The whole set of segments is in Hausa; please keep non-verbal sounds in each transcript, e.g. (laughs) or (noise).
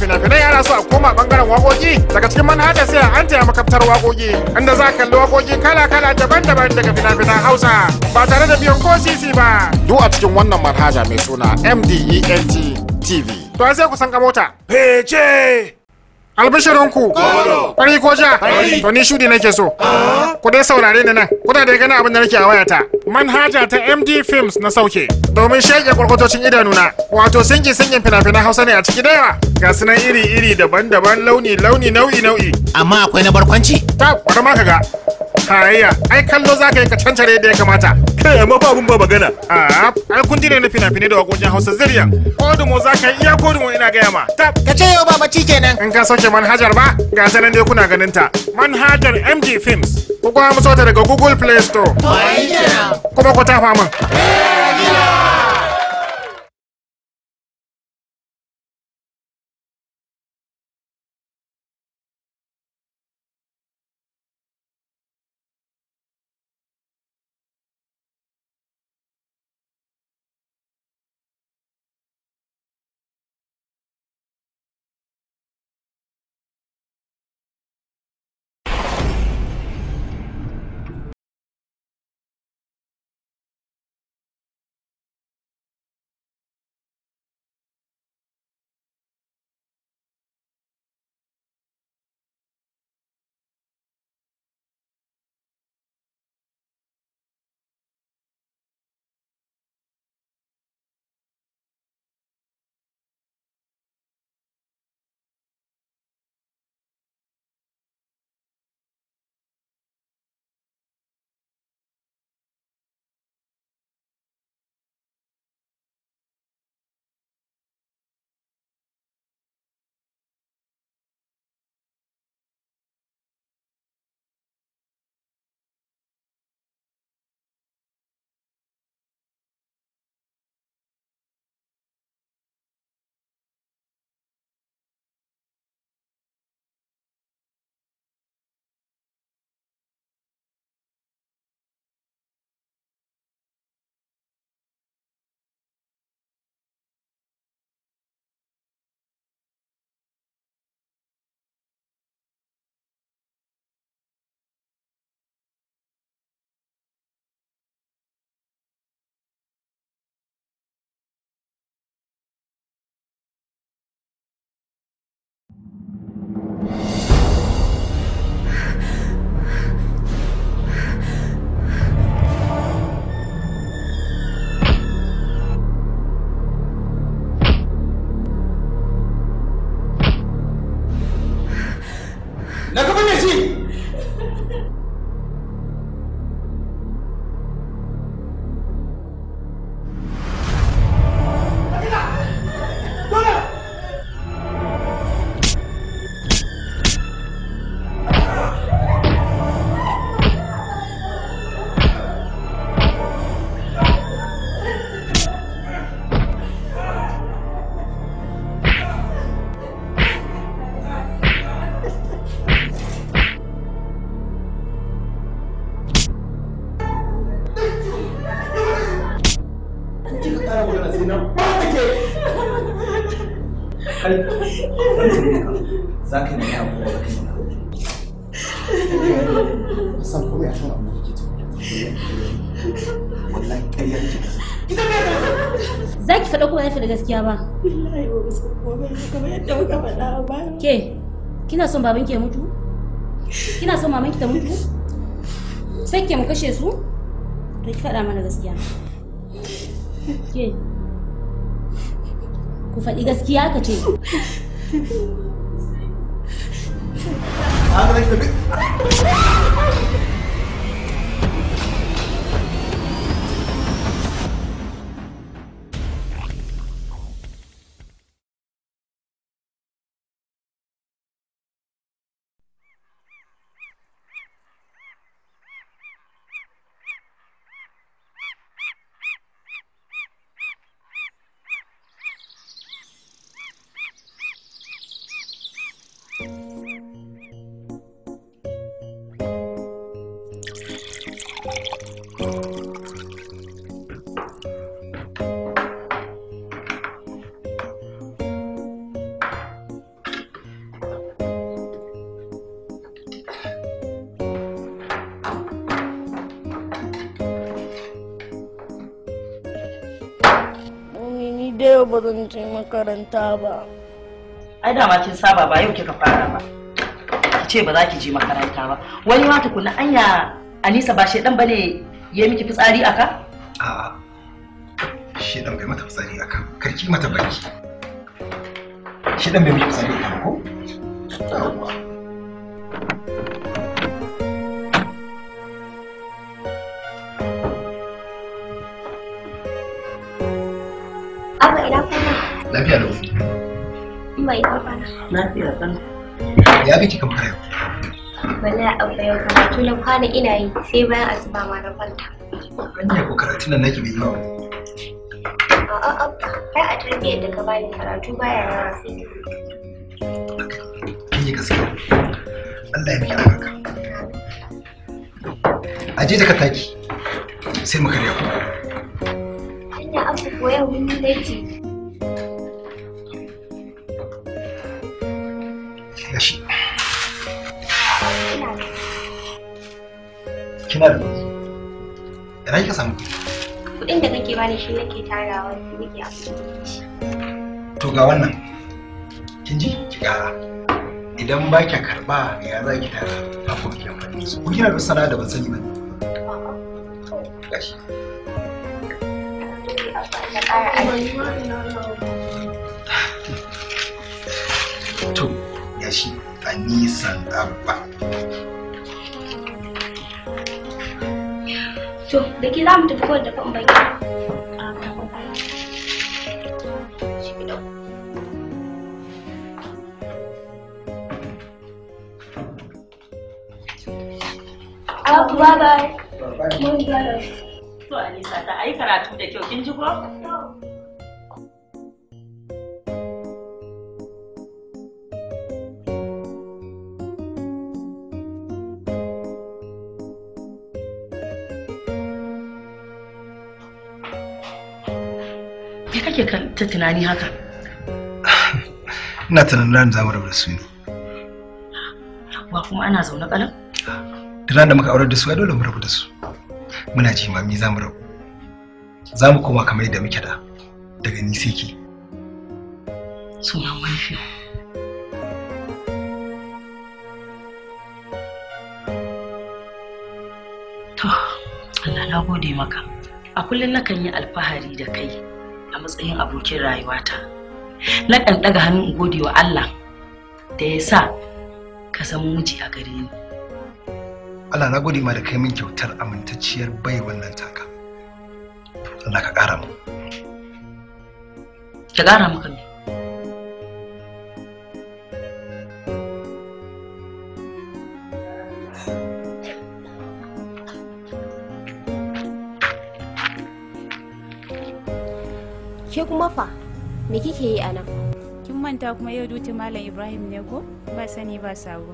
fina-finai ana so a koma bangaren wakoki daga cikin manhaja sai an taya makaftar wakoki inda za kalli wakoki kala-kala daban-daban daga fina-finan hausa ba tare da biyan ko sisi ba duk a cikin wannan manhaja mai suna mdent tv to sai ku san ka mota albishirinku fari ko ja to ni shudi nake so ku dai saurare ni nan kuna da gani abin da nake a wayata manhaja ta MD Films na sauke domin shege idanu idanuna wato singin singin fina-finan Hausa ne a ciki dayawa? ga sunan iri-iri daban-daban launi-launi nau'i-nau'i amma akwai na barkwanci ta bari ma kaga tarayya ai kallo za ka yi ka cancare da ya kamata kai amma ba abun ba magana a ah, ai kun ne na fina-finai da wakokin hausa ziryan kodumo za ka yi iya kodumo ina gaya ma ta ka ce yau ba bacci kenan in ka sauke manhajar ba ga sanan dai kuna ganin ta manhajar MD films ku kuma musu daga google play store 过不过嘉花华吗？Ke, kina son babanki ya mutu? Kina son ki ta mutu? Sai ke mu kashe su? To ki faɗa mana gaskiya. Ke, ku faɗi gaskiya ka ce. An ba je makaranta ba. Ai dama kin saba ba yau kika fara ba. Ki ce ba za ki je makaranta ba. Wani ma tukuna anya Anisa ba shedan bane ya miki fitsari aka? A'a. Shedan bai mata fitsari aka. Karki mata baki. Shedan bai miki fitsari aka. kwana ina yi sai bayan asuba ma na kwanta. Hanyar ko karatu nan nake bai yi ba. A'a, kai a tarbiyyar da ka bani karatu baya yawa sai da Kan yi gaskiya. Allah ya miki albarka. Aje da ka taki sai mu karya. Hanya abu ko yau mun yi laifi. na da nake samu da kake bani shi nake tarawa nake to ga wannan kin ji ki idan ba ki karɓa ya za ki tara ba ku ki amfani su ku kina da sana'a da ban sani ba gashi to gashi a nisan abba da ke za mu tafi kawai da fan baki Bye bye. Bye bye. Bye bye. Bye bye. ta bye. karatu da Bye bye. Bye bye. kake ta tunani haka ina tunanin ran zamu rabu da su ne Wa kuma ana zaune kalan. da ran da muka aure da su dole mu rabu da su muna ji mami zamu rabu zamu koma kamar yadda muke da daga ni sai ki suna wani to Allah na gode maka a kullum nakan yi alfahari da kai matsayin abokin rayuwata na ɗanɗaga ɗaga hannun gode wa Allah da ya sa ka san miji a gare ni Allah na gode ma da kai min kyautar amintacciyar bai wannan taka Allah ka ƙara mu ka ƙara mu ne kike yi a kin manta kuma yau duti malam ibrahim ne ko ba sani ba sabo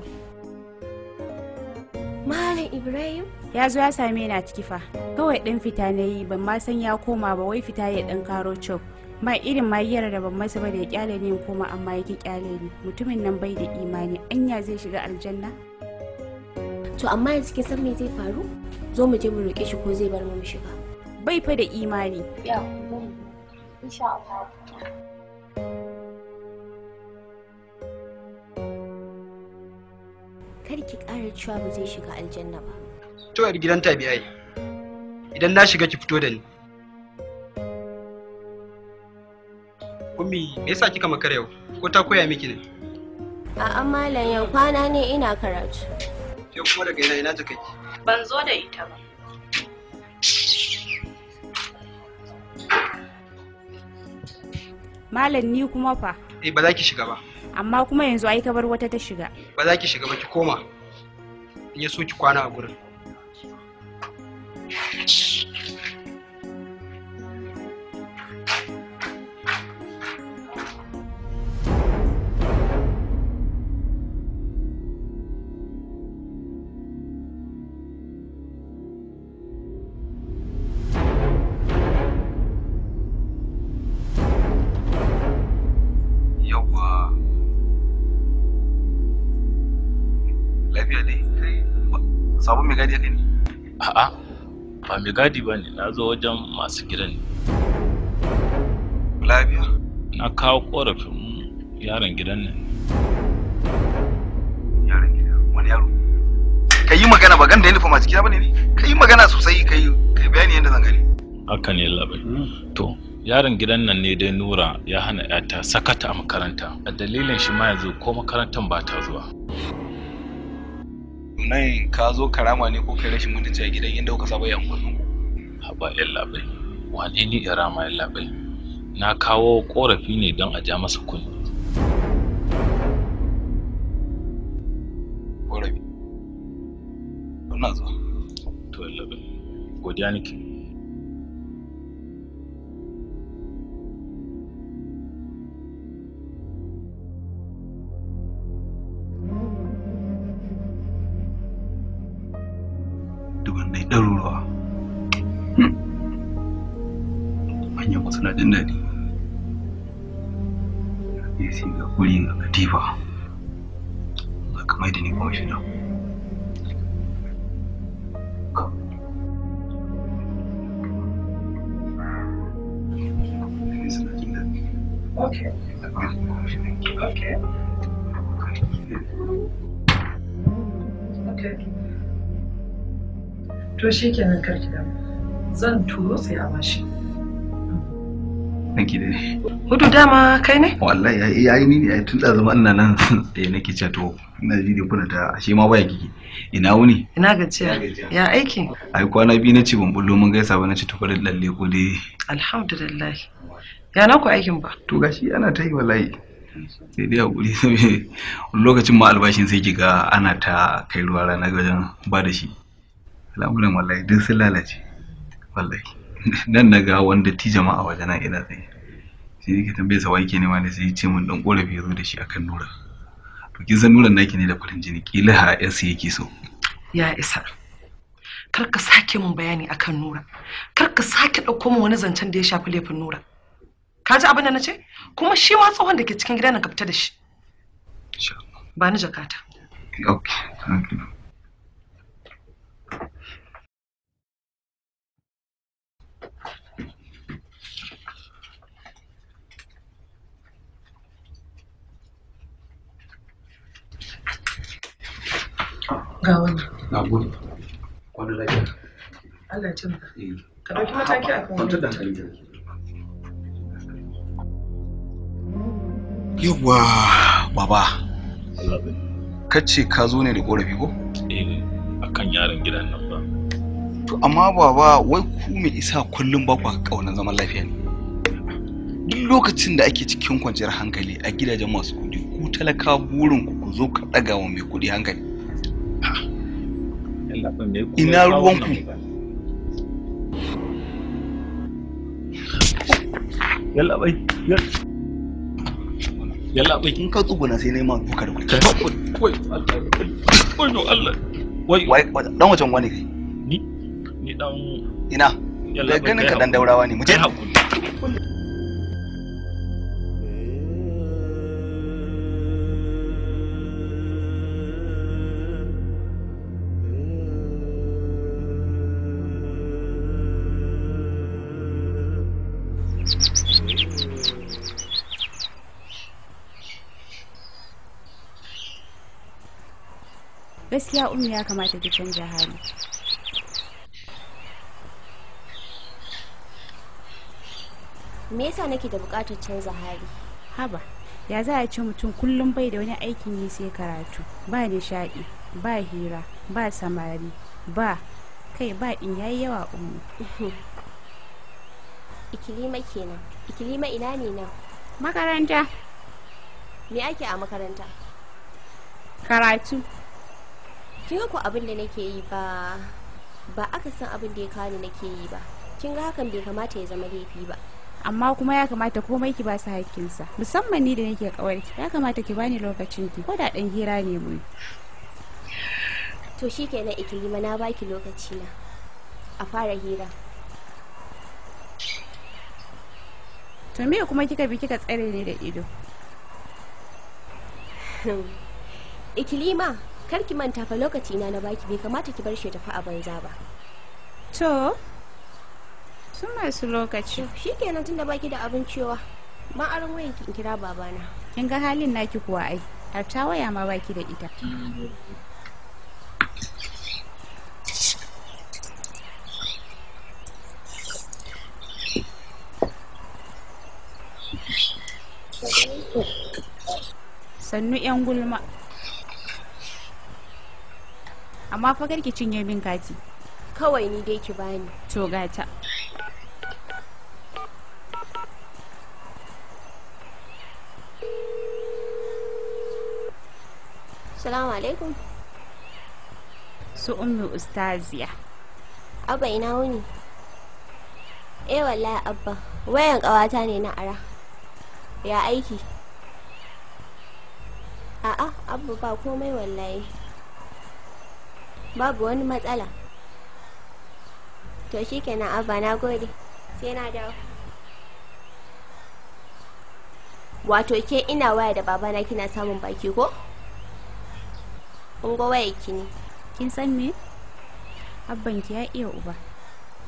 malam ibrahim ya zo ya same ni a ciki fa kawai ɗan fita na yi ban ma san ya koma ba wai fita ya dan karo cok ba irin ma magiyar da ban masa ba da ya kyale ni koma amma yake kyale ne mutumin nan bai da imani anya zai shiga aljanna to amma yanzu kin san me zai faru zo mu je mu roke shi ko zai bar mu shiga bai fa da imani ya insha Allah kar ki ƙara cewa ba zai shiga aljanna ba to yar gidan tabi'ai idan na shiga ki fito da ni Ummi, me yasa kika makara yau? Ko ta koya miki ne? A'a malam yau kwana ne ina karatu. Ke kuma daga ina ina take? Ban zo da ita ba. Malam ni kuma fa? Eh ba za ki shiga ba. amma kuma yanzu ai ka bar wata ta shiga ba za ki shiga ba ki koma in ya so ki kwana a gurin sabon mai gadi ne a'a ba mai gadi ba ne na zo wajen masu gidan ne lafiya na kawo korafin yaron gidan nan yaron gidan wani yaro ka yi magana ba gan da uniform masu gida ba ne ne ka yi magana sosai ka yi bayani yadda zan gani haka ne labai hmm. to yaron gidan nan ne dai nura ya hana yata sakata a makaranta a dalilin shi ma yanzu ko makarantar ba ta zuwa nan ka zo karama ne ko kai rashin mutunci a gidan yadda kuka saba yan kudu haba yan labai wane ne in rama yan labai na kawo korafi ne don a ja masa kunni korafi ina zuwa to illa bai godiya nake daɗin daɗi ya sai ga kuri ga katifa Allah ka mai da ni kuma shida Okay. Okay. Okay. To shi kenan karki da zan turo sai a bashi. nake da hudu dama kai ne wallahi ya yi ni ne tun da zama ina nan tsaye nake cewa to ina ji da kuna ta ashe ma baya kike ina wuni ina gajiya ya aiki ai kwana biyu na ci ban bullo mun gaisa ba na tukuri lalle ko dai alhamdulillah ya na ku aikin ba to gashi ana ta yi wallahi sai dai hakuri saboda lokacin ma albashin sai kiga ana ta kai ruwa rana wajen ba da shi Alhamdulillah wallahi duk sun lalace wallahi nan na ga wanda jama'a a nan ina tsaye sai yake tambaye sa wake ne ma ne sai ce mun dan korafi ya zo da shi akan nura to kin san nuran naki ne da farin jini kila ya sai yake so ya isa kar ka sake mun bayani akan nura kar ka sake ɗauko min wani zancen da ya shafi laifin nura ka ji abin da na ce kuma shi ma tsohon da ke cikin gidan na ka fita da shi ba ni jakata okay thank you ga wani eh. ka dauki ka zo ne da korafi ko eh, to amma baba wai ku me isa kullum ba ku kaunar zaman lafiya ne duk lokacin da ake cikin kwanciyar hankali a gidajen masu kuɗi ku talaka burin ku ku zo ka ɗaga wa mai kuɗi hankali ina ruwanku yallaɓai ka tsuguna sai wai no Allah wai wai dan wajen wani kai ni ni dan ina da ganin ka dan daurawa ne mu je gaskiya umu ya kamata ki canja hali me yasa nake da bukatar canza hali haba ya za a ce mutum kullum bai da wani aikin yi sai karatu ba nishaɗi ba hira ba samari ba kai ba in yayi yawa umu. (laughs) ikilima kenan ikilima ina ne nan makaranta me ake a makaranta karatu kin ga ko abin da nake yi ba ba aka san abin da ya kawo ni nake yi ba kin ga hakan bai kamata ya zama laifi ba amma kuma ya kamata komai ki ba su haƙƙinsa musamman ni da nake ƙawarki ya kamata ki bani lokacin ki ko da dan hira ne mu to shikenan ikilima na baki lokaci na a fara hira to me kuma kika bi kika tsare ne da ido (laughs) ikilima kar ki manta fa lokaci na na baki bai kamata ki bar shi tafi a banza ba to sun masu lokaci Shi shikenan tunda baki da abin cewa ma aron wayan ki kira babana kin ga halin naki kuwa ai har ta waya ma baki da ita sannu yan gulma amma fa karki cinye min kati kawai ni dai ki bani to gata salamu alaikum su ummi ustaziya abba ina wuni eh wallahi abba wayan kawata ne na ara ya aiki a'a abba ba komai wallahi babu wani matsala to shi kenan abba na gode sai na dawo wato ke ina waya da babana kina samun baki ko ungo waya ki ne kin san me ki ya iya uba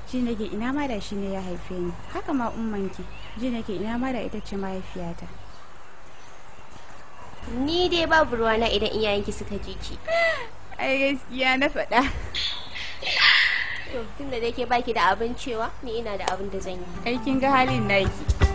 ji ke ina ma da shi ne ya haife ni haka ma ki, ji nake ina ma da ita ce mahaifiyata ni dai babu na idan iyayenki suka ji ki (laughs) ai gaskiya na faɗa to tunda da ke baki da abin cewa ni ina da abin da zan yi aikin ga halin naki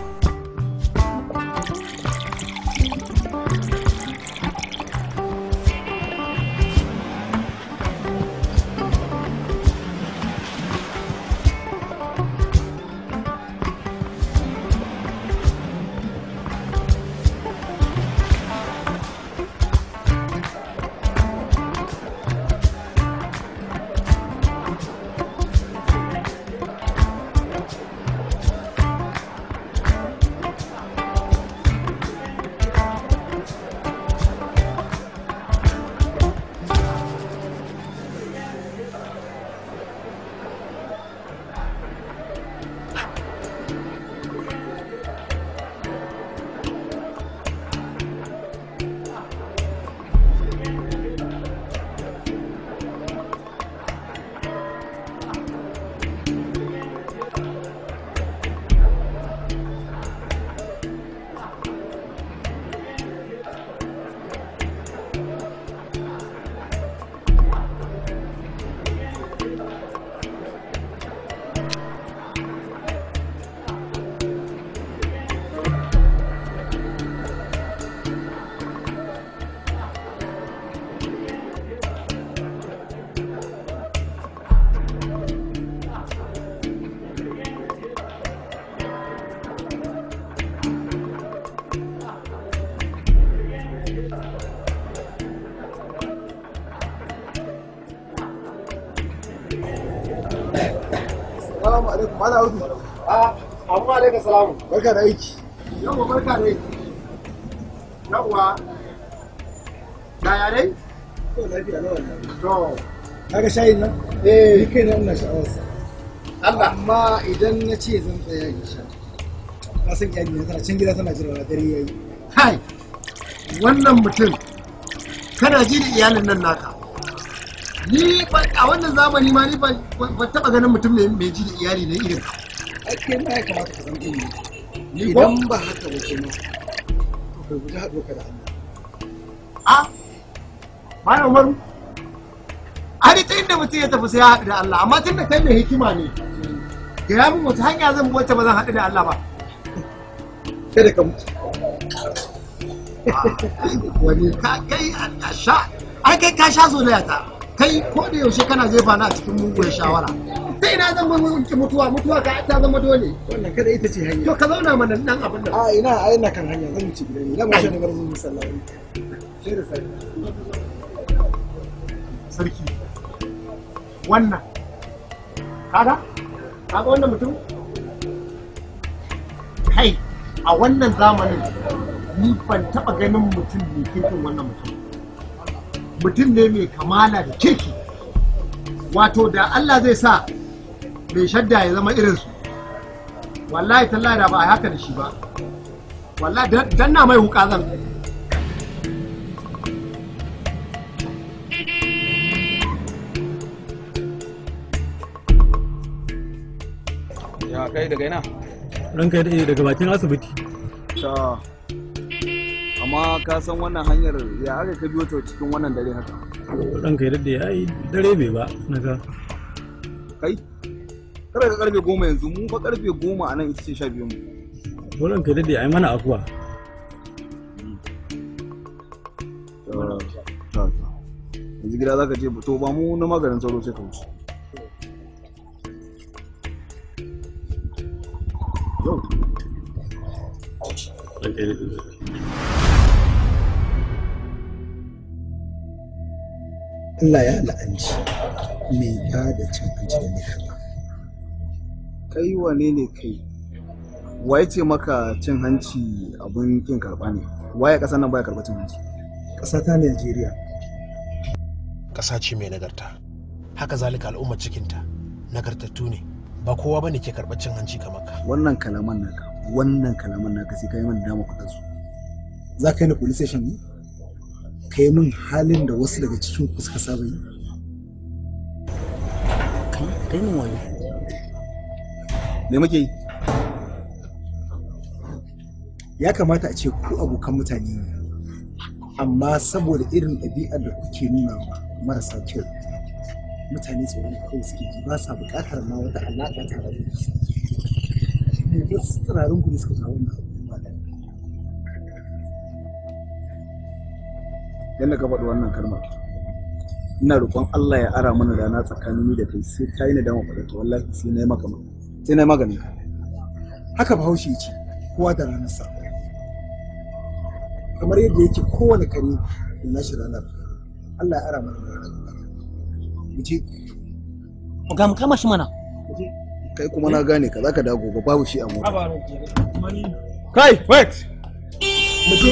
alaikum salamu. Barka da aiki. barka da aiki. yare? To lafiya na wannan. To. Kaga shayin nan? Eh. Ni kai na Allah. Amma idan na ce zan tsaya in sha. Na san iyali na tana can gida tana dare yayi. Wannan mutum kana ji da iyalin nan naka. Ni a wannan zamani ma ni ban taba ganin mutum mai ji da iyali na irin ka. kai ma ya kamata ka zama ilimi idan ba haka ba guji ka da Allah a malam umaru ta inda mutum ya tafi sai ya haɗu da Allah amma tun da kai mai hikima ne gaya min wata hanya zan wacce ba zan haɗu da Allah ba kada ka mutu ah, wani ka kai a sha ai kai ka sha zolaya ta kai ko da yaushe kana zai bana a cikin mugun shawara ta ina zan wanke mutuwa mutuwa ka ta zama dole wannan kada ita ce hanya to ka zauna mana dan abin nan a ina a ina kan hanya zan ci gidan ina mashi da garin musallawi sai da sarki sarki wannan kaga kaga wannan mutum kai a wannan zamanin ni ban taba ganin mutum mai kirkin wannan mutum mutum ne mai kamala da keke? wato da Allah zai sa mai shadda ya zama irin su wallahi tallahi da ba a haka da shi ba wallahi danna na mai wuka zan ya kai daga ina kai daga bakin asibiti ta amma ka san wannan hanyar ya aka ka biyo ta cikin wannan dare haka ranka kai da ya yi dare bai ba na ga kai kada ka karfe goma yanzu mu fa karfe goma a nan ita ce sha biyu mu wannan ka dade ai mana akuwa. yanzu gida zaka ce to ba mu na maganin sauro sai ka wuce yau Allah ya la'anci mai ba da cin hanci da mai kama kai wane ne kai wa ya ce maka cin hanci abin kin karba ne waye ƙasar nan baya karba cin hanci ƙasa ta Najeriya ƙasa ce mai nagarta haka zalika al'ummar cikinta nagartattu ne ba kowa bane ke karɓar cin hanci kamar ka wannan kalaman naka wannan kalaman naka sai kai min dama kudin su za ka yi na police station ne kai min halin da wasu daga cikin ku suka saba yi kai daina wani me muke yi ya kamata a ce ku abokan mutane ne amma saboda irin ɗabi'ar da kuke nuna marasa kyau mutane tsoron kawai suke ji ba sa buƙatar ma wata alaƙa tare da ne ba su tsirarin ku ne suka kawo wannan abubuwa da yadda ka faɗi wannan kalmar ina roƙon Allah ya ara mana rana tsakanin ni da kai sai ka yi nadama faɗa to wallahi sai na yi maka sai na maganin ka haka bahaushe ce kowa da ranarsa kamar yadda yake kowane kare da nashi ranar Allah ya ara mana ranar mu je ga mu kama shi mana kai kuma na gane ka zaka dago ba babu shi a mota kai wait mu je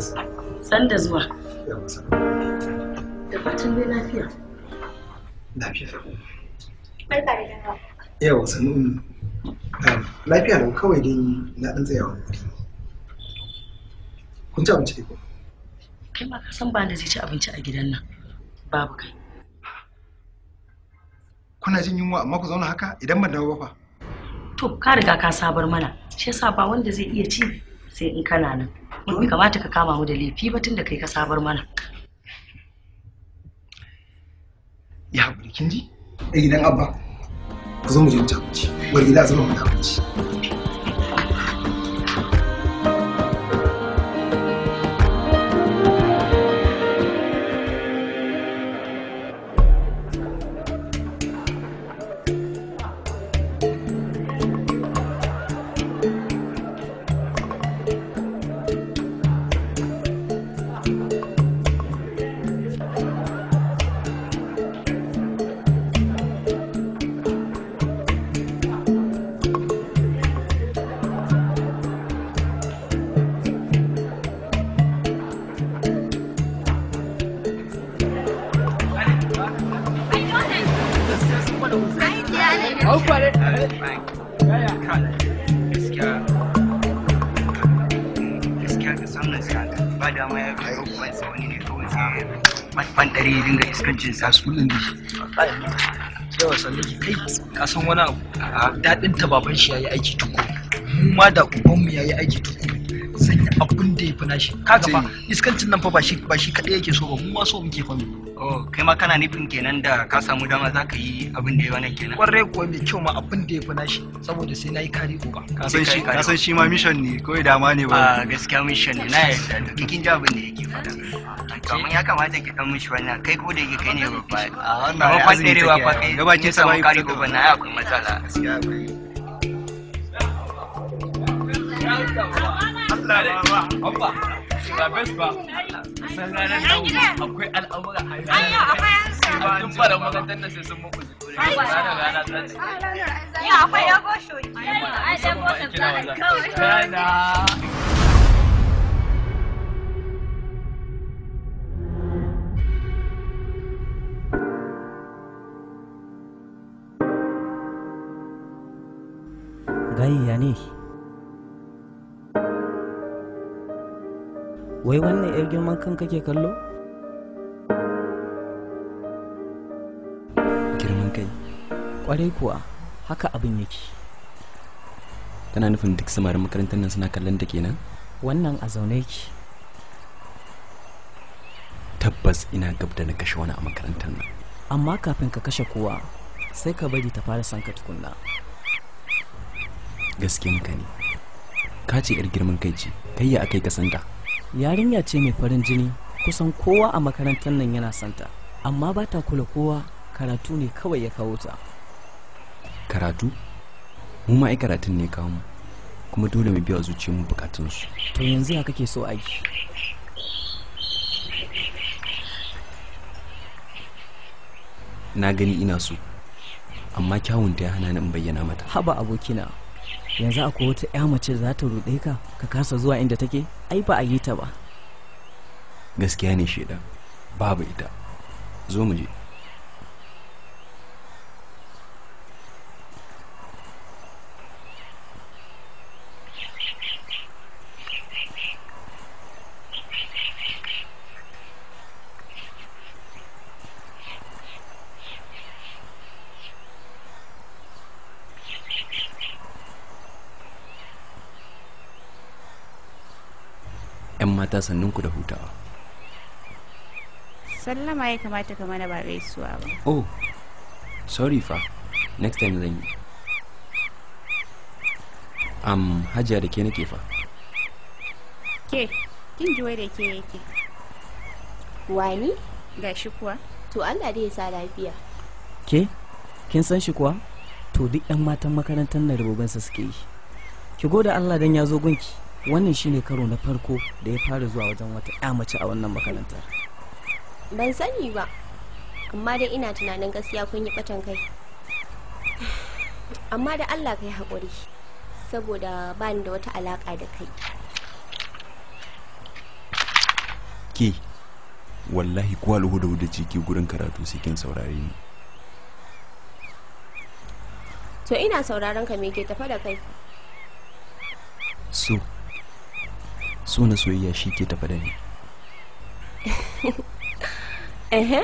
San da zuwa. Da fatan dai lafiya. Lafiya. Barka da yawa. Yawa um, um, Lafiya ne kawai dai na ɗan tsayawa wuri. Kun ci abinci ko? Kai ma ka san ba da zai ci abinci a gidan nan. Babu kai. Kuna jin yunwa amma ku zauna haka idan ban dawo ba fa. To ka riga ka sabar mana. Shi yasa ba wanda zai iya ci sai in kana nan bai kamata ka kama mu da laifi ba tun da kai ka sabar mana ya haƙuri kin ji idan abba ku zo mu je mu ci bari gida zama mu ci ban dare ya dinga iskancin sa su din yawa sannan kai ka san wani abu daɗin ta baban shi yayi aiki tuko mu ma da uban mu yayi aiki tuko sanya abin da ya fi nashi kaga fa iskancin nan fa ba shi ba shi kadai yake so ba mu ma so muke fa oh kai ma kana nufin kenan da ka samu dama za ka yi abin da ya wani kenan kwarai kuwa mai kyau ma abin da ya fi nashi saboda sai na yi kari uba ka san shi ma mission ne kawai dama ne ba a ah, gaskiya mission ne na yadda da kikin ji abin da yake faɗa kamar ya kamata ki dan mishi wannan kai ko da yake kai ne babba a wannan ba faderewa fa kai gaba kin samu kari uba na ya akwai matsala gaskiya Allah ya ba ga best ba sannan nan akwai al'amura a yau ayyo akwai an sa tun fara makarantar nan sai sun muku zikuri ai ba na rana tsatsi ya akwai yago shoyi ai dan botan ba kawai غيانيه wai wannan yar girman kan kake kallo girman kai kwarai kuwa haka abin yake kana nufin duk samarin makarantar nan suna kallon da kenan wannan a zaune ki tabbas ina gab da na kashe wani a makarantar nan amma kafin ka kashe kowa sai ka bari ta fara sanka tukunna muka ne ka ce 'yar girman kai ce kai ya akai ka sanda. yarinya ce mai farin jini kusan kowa a makarantar nan yana santa amma ba ta kula kowa karatu ne kawai ya kawo ta karatu mu ma karatun ne kawo mu kuma dole mu biya zuciya mu bukatunsu to yanzu ya kake so aiki na gani ina so amma kyawunta ya hana ni in bayyana mata haba abokina yanzu akwai wata ya mace za ta ruɗe ka ka kasa zuwa inda take ai ba a yi ta ba gaskiya ne shaidan babu ita zo mu je mata sannunku da hutawa sallama ya kamata ka mana ba gaisuwa ba oh sorry fa next time zan yi am hajiya da ke nake fa ke kin juwai da ke yake wani ga shi kuwa to allah da ya sa lafiya ke kin san shi kuwa to duk 'yan matan makarantar na rububinsa suke yi ki goda allah don ya zo gunki wannan ne karo na farko da ya fara zuwa wajen wata ya mace a wannan makarantar ban sani ba amma dai ina tunanin gaskiya kun yi batan kai amma da allah kai haƙuri saboda ba ni da wata alaƙa da kai ke wallahi kuwa alhuda da ciki gurin karatu sai kin saurare ni to ina sauraron ka me ke tafa da kai so so na soyayya shi ke tafi da ni (laughs) ehe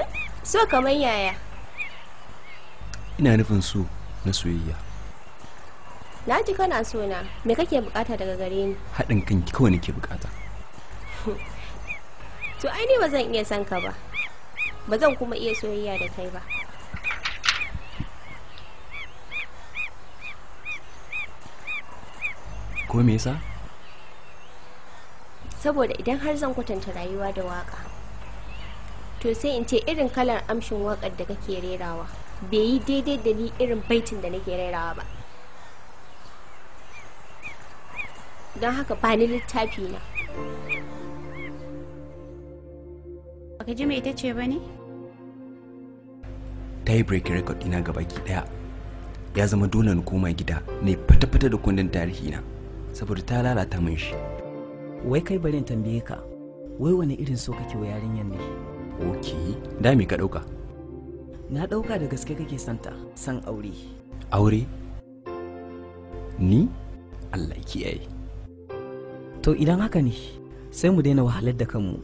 so kamar yaya ina nufin so na soyayya na ji kana so na me kake bukata daga gare ni haɗin ki kawai nake bukata (laughs) to ai ne ba zan iya son ka ba ba zan kuma iya soyayya da kai ba ko me yasa saboda idan har zan kwatanta rayuwa da waka to sai in ce irin kalar amshin wakar da kake rerawa bai yi daidai da ni irin baitin da nake rerawa ba don haka ba ni littafi na baka ji mai ita ce ba ne ta yi break record ina gabaki daya ya zama dole na koma gida ne fata-fata da kundin tarihi na saboda ta lalata min shi wai kai bari in tambaye ka wai wani irin so kake wa yarinyar ne ok da me ka dauka na dauka da gaske kake santa san aure aure ni allah kiyaye to idan haka ne sai mu daina wahalar da kanmu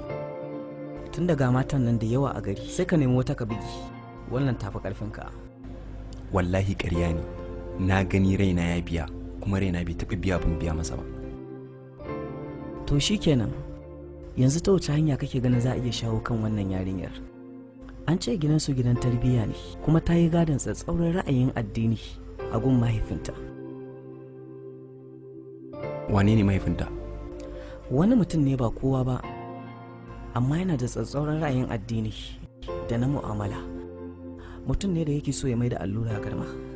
tun daga matan nan da yawa a gari sai ka nemi wata ka bigi wannan tafi karfinka wallahi ƙarya ne na gani raina ya biya kuma raina bai taɓa biya bin biya masa ba to kenan yanzu ta wace hanya kake ganin za a iya shawo kan wannan yarinyar an ce gidansu gidan tarbiyya ne kuma ta yi gadon tsatsauran ra'ayin addini a gun mahaifinta wane ne mahaifinta wani mutum ne ba kowa ba amma yana da tsatsauran ra'ayin addini da na mu'amala mutum ne da yake so ya mai da allura garma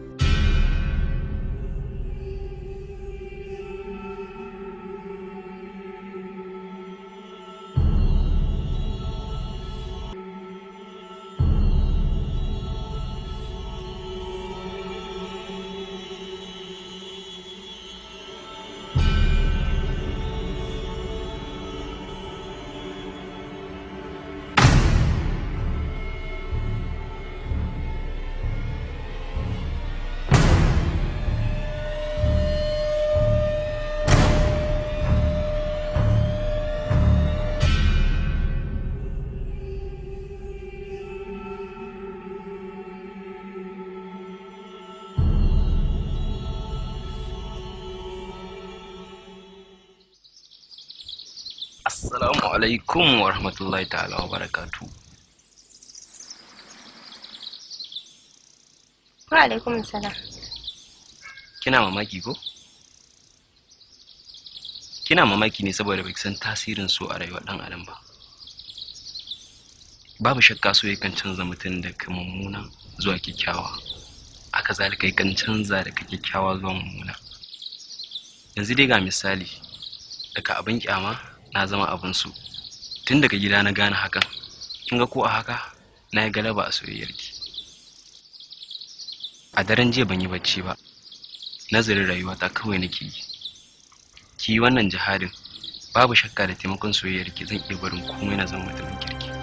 Assalamu alaikum wa rahmatullahi ta'ala wa barakatu. Wa alaikum salam. Kina mamaki ko? Kina mamaki ne saboda baki san tasirin so a rayuwar ɗan adam ba. Babu shakka so yakan canza mutum daga mummuna zuwa kyakkyawa. Aka zalika yakan canza daga kyakkyawa zuwa mummuna. Yanzu dai ga misali daga abin kyama na zama abin abinsu tun daga gida na gane hakan kin ga ko a haka na yi galaba a soyayyar ki a daren jiya ban yi bacci ba nazarin rayuwata kawai nake yi ki wannan jihadin babu shakka da taimakon soyayyarki zan iya barin komai na zama mutumin kirki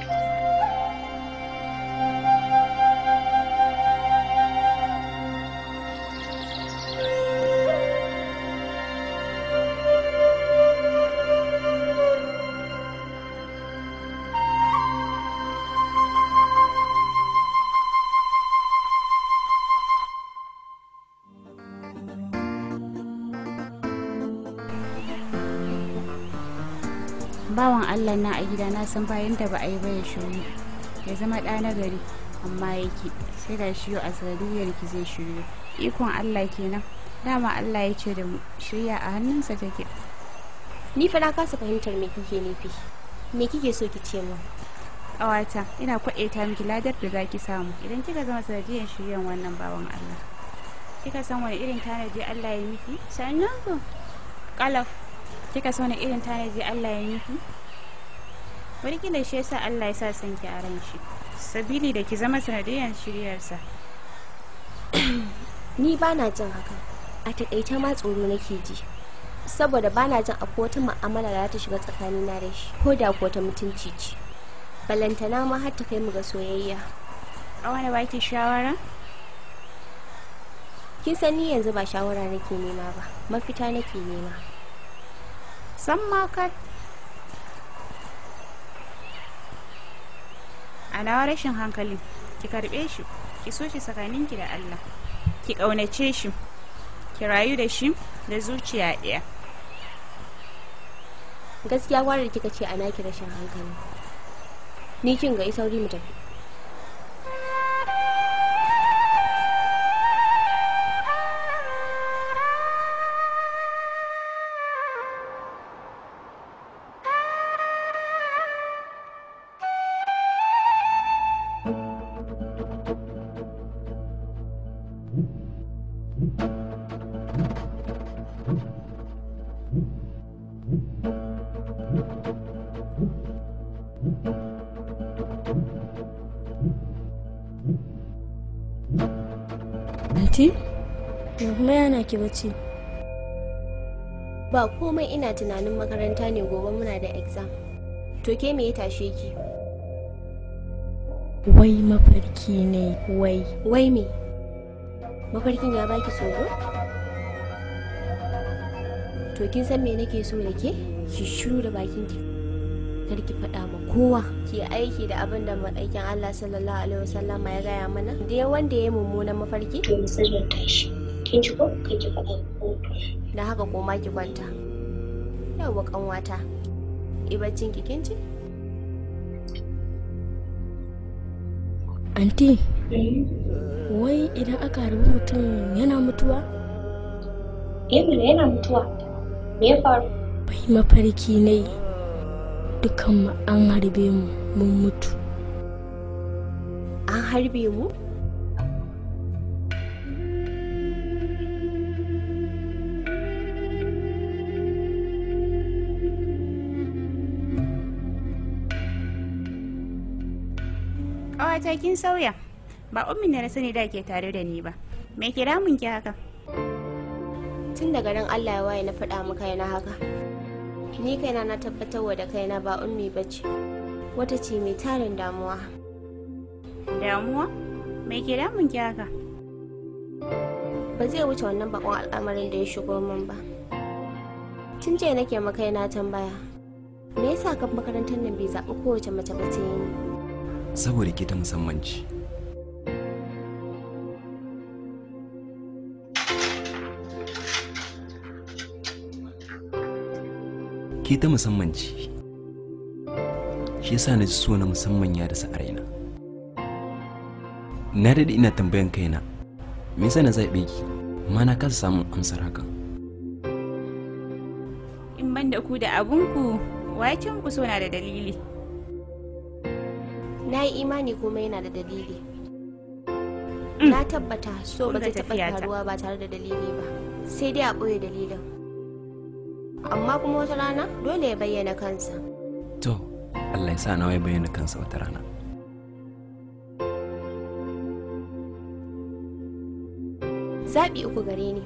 bawan allah na a gida na san bayan da ba a yi ba ya shiru. ya zama ɗa na gari amma yake sai da shi a sanadiyyar ki zai shiru. ikon allah kenan dama allah ya ce da mu shirya a hannunsa take ni fa kasa fahimtar me kike nufi me kike so ki ce mu ƙawata ina ta miki ladar da zaki samu idan kika zama sanadiyyar shiryan wannan bawan allah kika san wani irin tanadi allah ya miki sannan ku kalaf kika so ne irin ji Allah ya miki wani kila shi yasa Allah ya sa san ki a ran shi sabili da ki zama sanadiyar shiryarsa (clears throat) ni ba na jin haka a taƙaice ma tsoro nake ji saboda ba na jin akwai wata mu'amala da ta shiga tsakanina da shi ko da ko ta mutunci ce balantana ma har ta kai mu ga soyayya a wani ki shawara kin san ni yanzu ba shawara nake nema ba mafita nake nema Some market. kai rashin hankali ki karbe shi ki so shi tsakaninki da allah ki ƙaunace shi ki rayu da shi da zuciya ɗaya gaskiya kwarar kika ce ana ki rashin hankali ni kin ga isauri mu tafi ki bacci ba komai ina tunanin makaranta ne gobe muna da exam to ke me ya tashe ki wai mafarki ne wai wai me mafarkin ya baki tsoro to kin san me nake so da ke ki shiru da bakin ki kar ki faɗa ma kowa ki aiki da abin da ma'aikin Allah sallallahu alaihi wasallama ya gaya mana da wanda ya yi mummunan mafarki to sai ya tashi kin ji ko kai ki faɗa da haka ko ma ki kwanta yawwa kanwata ibaccin ki kin ci. anti wai idan aka harbi mutum yana mutuwa eh yana mutuwa me ya faru bai mafarki ne dukanmu an harbe mu mun mutu an harbe mu ta kin sauya ba ummin da na sani da ke tare da ni ba me ke damun ki haka tun daga ran Allah ya waye na faɗa mu na haka ni kaina na tabbatarwa da kaina ba ummi bace wata ce mai tarin damuwa damuwa me ke damun ki haka ba zai wuce wannan bakon al'amarin da ya shigo min ba tun jiya nake makaina tambaya me yasa kan makarantar nan bai zaɓi kowace mace ba ta yi saboda ke ta musamman ce ke ta musamman ce shi yasa na ji so na musamman ya dasa a raina na daɗe ina tambayan kaina me yasa na zaɓe ki ma na kasa samun amsar hakan in ban da ku da abunku waken ku so na da dalili na yi imani kuma yana da dalili mm. na tabbata so ba zai taɓa faruwa ba tare da dalili ba sai dai a ɓoye dalilin amma kuma wata rana dole ya bayyana kansa to allah ya sa nawa ya bayyana kansa wata rana zaɓi uku gare ni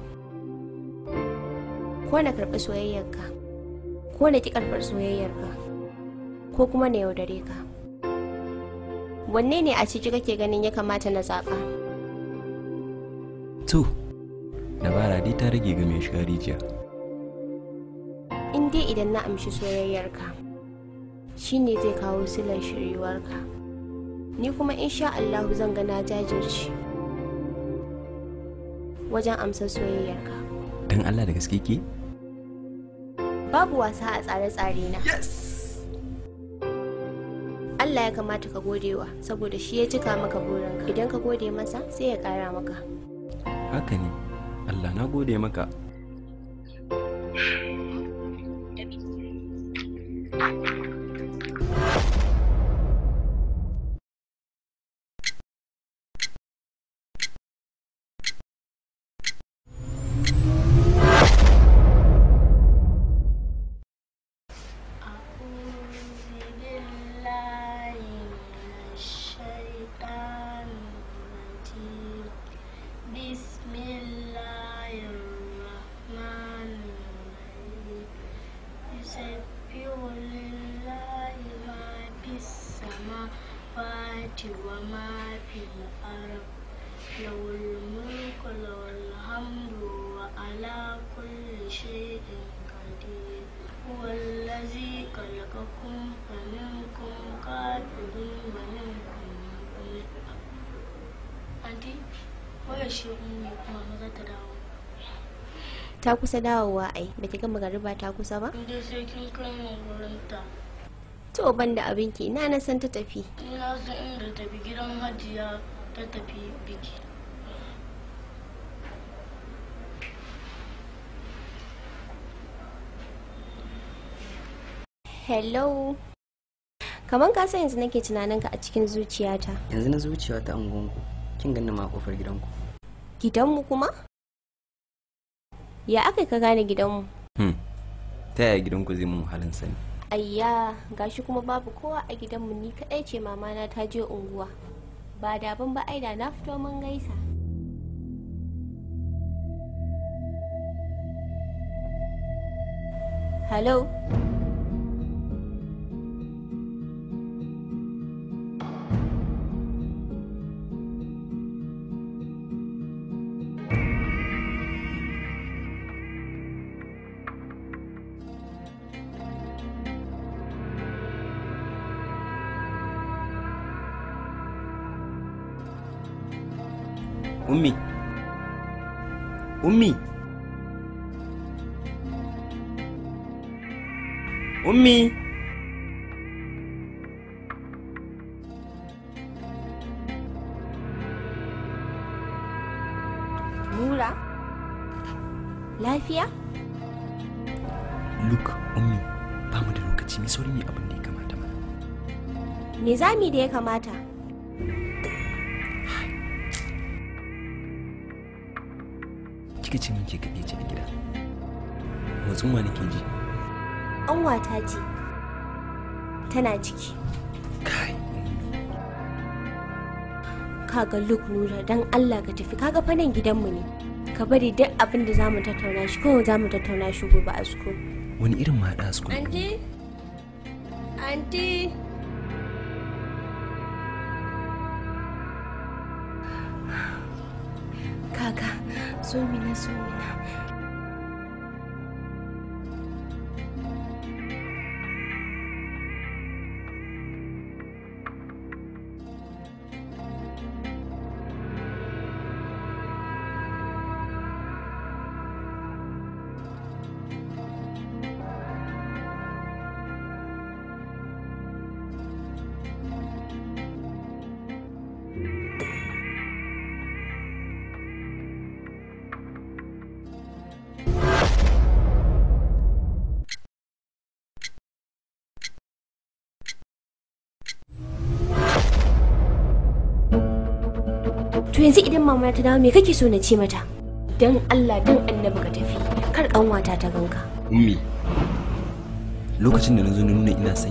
ko na karɓi soyayyarka ko na ƙi karɓar soyayyarka ko kuma na yaudare ka wanne ne a ciki kake ganin ya kamata na zaɓa to dabara dai ta rage ga mai shiga rijiya in dai idan na amshi soyayyarka shine zai kawo silar shiryuwarka ni kuma insha Allahu zan ga na jajirce wajen amsar soyayyarka don Allah da gaske ke babu wasa a tsare-tsare na yes Allah ya kamata ka godewa saboda shi ya cika maka burinka idan ka gode masa sai ya kara maka haka ne Allah na gode maka Thank you. ta kusa dawowa ai baki gama gariba ta kusa ba inda sai kin kai mu ta to ban da abin ki ina na san ta tafi ina san inda tafi gidan hajiya ta tafi biki hello kamar ka san yanzu nake tunaninka a cikin zuciyata yanzu na zuciyata an gungu kin ganin ma kofar gidanku gidanmu kuma ya aka ka gane gidanmu hmm. ta yaya gidanku zai mun halin sani ayya gashi kuma babu kowa a gidanmu ni kaɗai ce mamana ta je unguwa ba daban ba aida na fito mun gaisa hello mi. nura lafiya look ummi ba mu da lokaci mai sauri ne abin da ya kamata mana me za mu da ya kamata kika ce min ke kaɗe ce a gida motsin wa nake ji anwata ce tana ciki kaga luk nura don allah ka tafi kaga fanan gidanmu ne ka bari duk abin da za mu tattauna shi ko za mu tattauna shi gobe a suko wani irin ma da suko anti anti kaga so mina so mina yanzu idan mama ta dawo me kake so na ce mata? Dan Allah dan annabi ka tafi. Kar kanwata ta ganka. Ummi. Lokacin da na zo na nuna ina son